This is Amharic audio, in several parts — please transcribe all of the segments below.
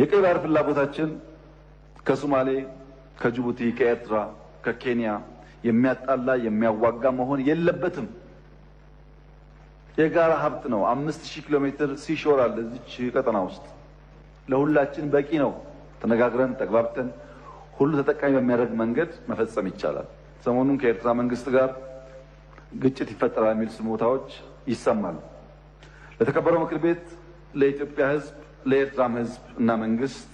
የቀይ ባህር ፍላጎታችን ከሶማሌ፣ ከጅቡቲ፣ ከኤርትራ፣ ከኬንያ የሚያጣላ የሚያዋጋ መሆን የለበትም። የጋራ ሀብት ነው። አምስት ሺህ ኪሎ ሜትር ሲሾር አለ እዚች ቀጠና ውስጥ ለሁላችን በቂ ነው። ተነጋግረን ተግባብተን ሁሉ ተጠቃሚ በሚያደርግ መንገድ መፈጸም ይቻላል። ሰሞኑን ከኤርትራ መንግስት ጋር ግጭት ይፈጠራል የሚል ስሞታዎች ይሰማሉ። ለተከበረው ምክር ቤት፣ ለኢትዮጵያ ሕዝብ ለኤርትራም ህዝብ እና መንግስት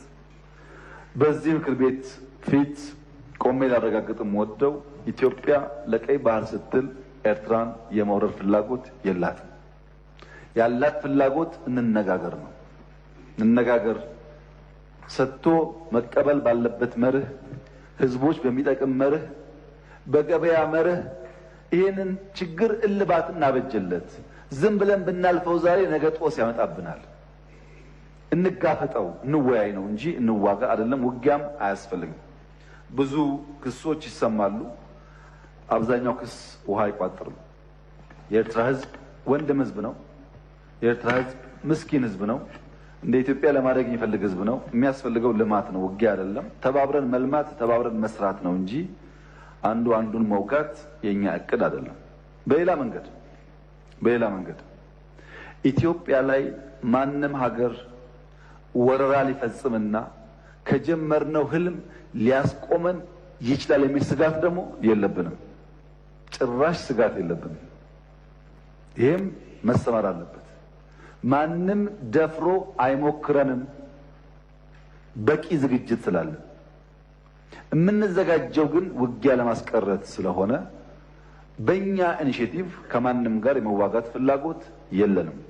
በዚህ ምክር ቤት ፊት ቆሜ ላረጋግጥም ወደው ኢትዮጵያ ለቀይ ባህር ስትል ኤርትራን የመውረር ፍላጎት የላትም። ያላት ፍላጎት እንነጋገር ነው። እንነጋገር ሰጥቶ መቀበል ባለበት መርህ፣ ህዝቦች በሚጠቅም መርህ፣ በገበያ መርህ ይህንን ችግር እልባት እናበጀለት። ዝም ብለን ብናልፈው ዛሬ ነገ ጦስ ያመጣብናል። እንጋፈጠው፣ እንወያይ ነው እንጂ እንዋጋ አይደለም። ውጊያም አያስፈልግም። ብዙ ክሶች ይሰማሉ። አብዛኛው ክስ ውሃ አይቋጥርም። የኤርትራ ህዝብ ወንድም ህዝብ ነው። የኤርትራ ህዝብ ምስኪን ህዝብ ነው። እንደ ኢትዮጵያ ለማድረግ የሚፈልግ ህዝብ ነው። የሚያስፈልገው ልማት ነው፣ ውጊያ አይደለም። ተባብረን መልማት፣ ተባብረን መስራት ነው እንጂ አንዱ አንዱን መውጋት የኛ እቅድ አይደለም። በሌላ መንገድ በሌላ መንገድ ኢትዮጵያ ላይ ማንም ሀገር ወረራ ሊፈጽምና ከጀመርነው ህልም ሊያስቆመን ይችላል የሚል ስጋት ደግሞ የለብንም። ጭራሽ ስጋት የለብንም። ይህም መሰማር አለበት። ማንም ደፍሮ አይሞክረንም በቂ ዝግጅት ስላለን። የምንዘጋጀው ግን ውጊያ ለማስቀረት ስለሆነ በእኛ ኢኒሽቲቭ ከማንም ጋር የመዋጋት ፍላጎት የለንም።